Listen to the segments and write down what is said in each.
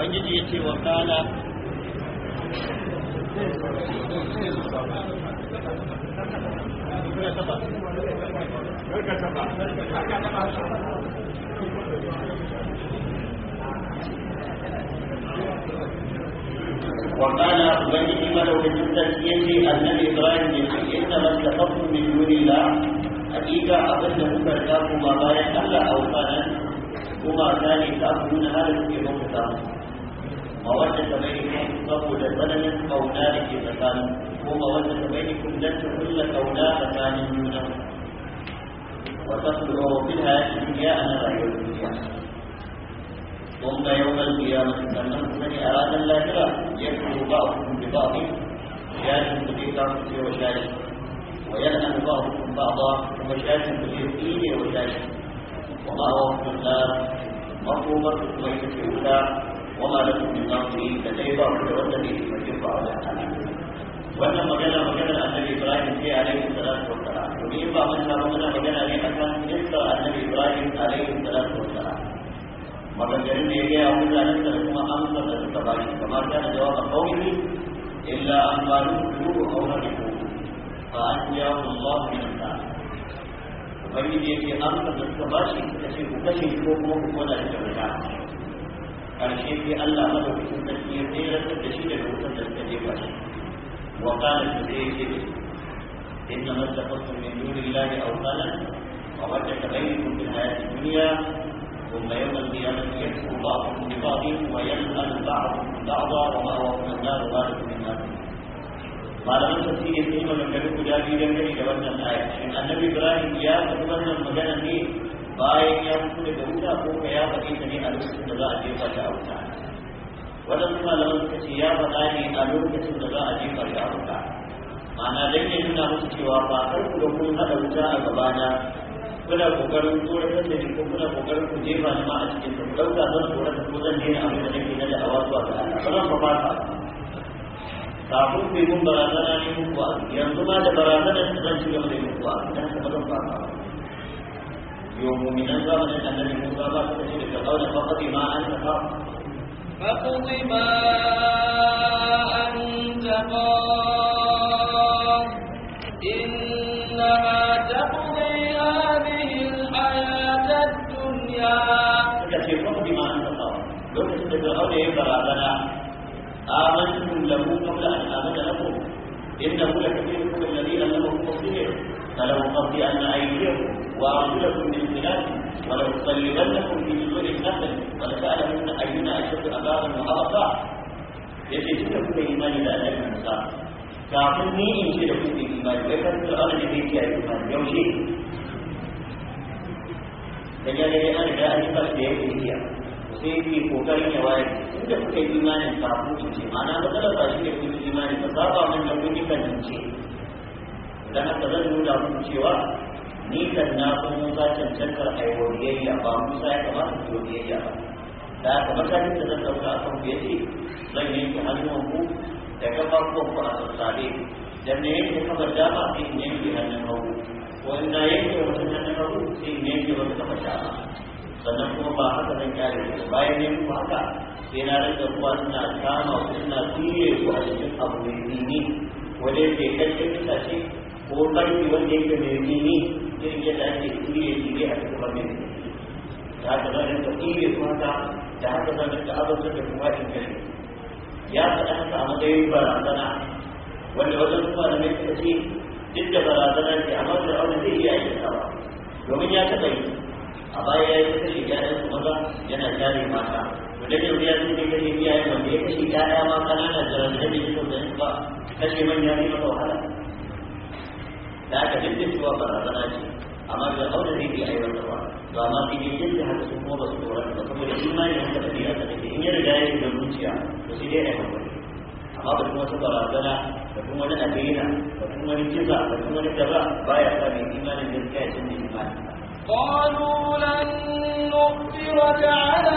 ubangiji ya ce wa kala وقال بني ملو بالتسليم النبي ابراهيم انما اتخذتم من دون الله حقيقه abinda kuka riga kuma bayan Allah a kuma ne ta nuna kuke samu مودة بينكم تقول بدلا او ذلك مكان ومودة بينكم لن تقول او لا مكان دونه وتصبح في الحياة الدنيا أنا غير ثم يوم القيامة سنن من أراد الآخرة يكفر بعضكم ببعض شاهد بذكر وشاهد ويلعن بعضكم بعضا وشاهد باليقين وشاهد وما هو في النار مطلوبة ميتة الأولى wama lakum min nasirin da dai ba ku da wanda zai taimake ku a wajen wannan magana magana annabi Ibrahim sai alaihi salatu wassalam domin ba mun ta magana magana ne akan iskar annabi Ibrahim alaihi salatu wassalam maganganun da ya gaya wa mutanen da kuma amsar da suka bari kamar kana jawabin kawai illa an balu kulubu aw rajiku fa an ja'a ta da ta ce ko kuma ku ƙarshe sai Allah madaukakin sarki ya tseratar da shi daga wutar da suka jefa shi wa qala ta sai yake inna ma taqattum min dunillahi awqala wa wajada bainakum fil hayati dunya ثم يوم القيامة يكفر بعضكم ببعض ويسأل بعضكم بعضا ومأواكم النار ذلك من نار malaman tafsiri sun yi maganganu guda biyu dangane da wannan aya shin annabi ibrahim ya faɗi wannan magana ne bayan ya mutu da wuta ko ka ya faɗi ta ne a lokacin da za a jefa shi a wuta waɗansu malaman suka ce ya faɗa ne a lokacin da za a jefa shi a wuta ma'ana dan ya nuna musu cewa ba kar ku da ku haɗa wuta a gabana kuna kokarin tsoratar da ni ko kuna kokarin ku jefa ni ma a cikin ku ɗauka zan tsoratar ko zan daina abin da nake na da'awa zuwa ga Allah ba zan ba fata kafin ku mun barazana ne muku yanzu ma da barazanar da zan ci gaba da yi muku ba zan fata ba يوم من انذر ان المنذرات تشرك القول فقد ما انت فقض ما انت قاض انما تقضي هذه الحياه الدنيا التي فقد ما انت قاض لو تشرك القول يبقى إيه لنا امنتم له قبل ان امن لكم انه لكثير من الذين لم يكن فلو قضي ان ايديكم وأرجلكم من خلاف ولأصلبنكم في جذور النخل ولتعلمن أينا أشد أبارا وأرقى yake duka kuka imani da annabi Musa kafin ni in ce da kuka imani wai kan su ana da zai kiyaye imani yaushe da ya gani an da an ba da yake kiya sai yake kokarin ya waye inda kuka imani kafin shi ne ba da kuka kan zan ni kan na kun Musa cancanta a ba Musa ya kamata ku wariyayya ba da ta matakin da zan dauka akan ku zan yanke hannun ku da kafafuwan ku a sassare dan ne yanke kafar dama sai ne yanke hannun hagu ko in na yanke wata hannun hagu ne in yanke wata kafar dama sannan kuma ba haka zan kyale ku bayan ne ku haka sai na rinka kuwa suna kama ku suna tsire ku a cikin abu mai dini wanda yake kashe kasashe ko ƙarfi wanda yake mai dini irin yadda ake kuye kuye a cikin wannan da haka zan rinka kuye su haka da haka zan rinka azabtar da kuma in gari ya faɗa a matsayin barazana wanda wajen kuma da mai suka ce duk da barazana ce amma da aure zai iya aikatawa domin ya taɓa a baya ya yi kashe ƴaƴansu maza yana jari mata wajen yanzu ya zuke kashe iyayen wanda ya kashe ƴaƴa ma ƙananan da rantsanin da suka ba kashe manya ne masa wahala da aka dinga cewa barazana ce amma bai aure zai yi aiwatarwa to amma sai dai yadda haka su kuma ba su tsoron ba saboda imani haka tafiya ta take in ya riga ya yi zuciya to sai dai ya haƙuri amma ba kuma wata barazana da kuma wani adina da kuma wani kiza da kuma wani ba baya sa mai imanin gaskiya ya canza imani قالوا لن نؤثرك على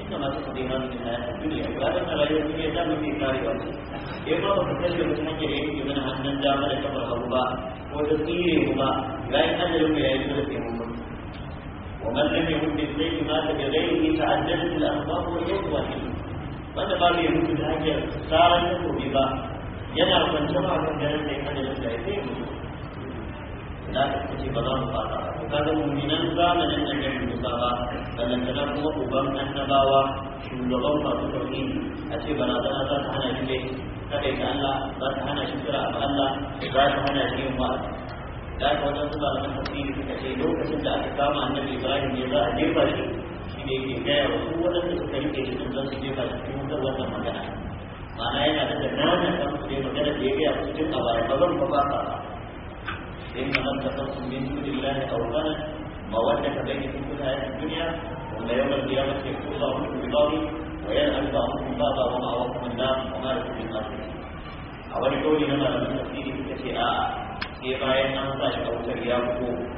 Itu masuk ke dalam dunia. Kalau ba lihat dunia, kita mesti cari orang. Ibu bapa kita juga punya cerita, kita nak hantar jam mereka berhamba, kita tiri hamba, gaya kita juga punya itu seperti hamba. Orang yang hidup di da aka kace ba za mu fata ko kaga mu'minan zamanin da Annabi Musa ba sannan kana kuma uban annabawa shugaban masu tauhidi a ce barazana za ta hana shi ne kadai da Allah za ta hana shi kira a Allah za ta hana shi yin wa'azi da aka wajen su malaman tafsiri suka ce lokacin da aka kama Annabi Ibrahim ne za a jefa shi shi ne ke gaya wa su waɗanda suka ke shi sun su jefa shi cikin wutar wannan magana ma'ana yana da da nana kan su ne magana da ya gaya su cikin a baya ba zan ba ba إن من اتخذتم من دون الله أوثانا مودة بينكم في الحياة الدنيا وأن يوم القيامة يكفر بعضكم ببعض ويلعن بعضكم بعضا ومأواكم النار وما لكم من ناصرين أول قولي لما لم تفسيري في كشيئة sai bayan an sa shi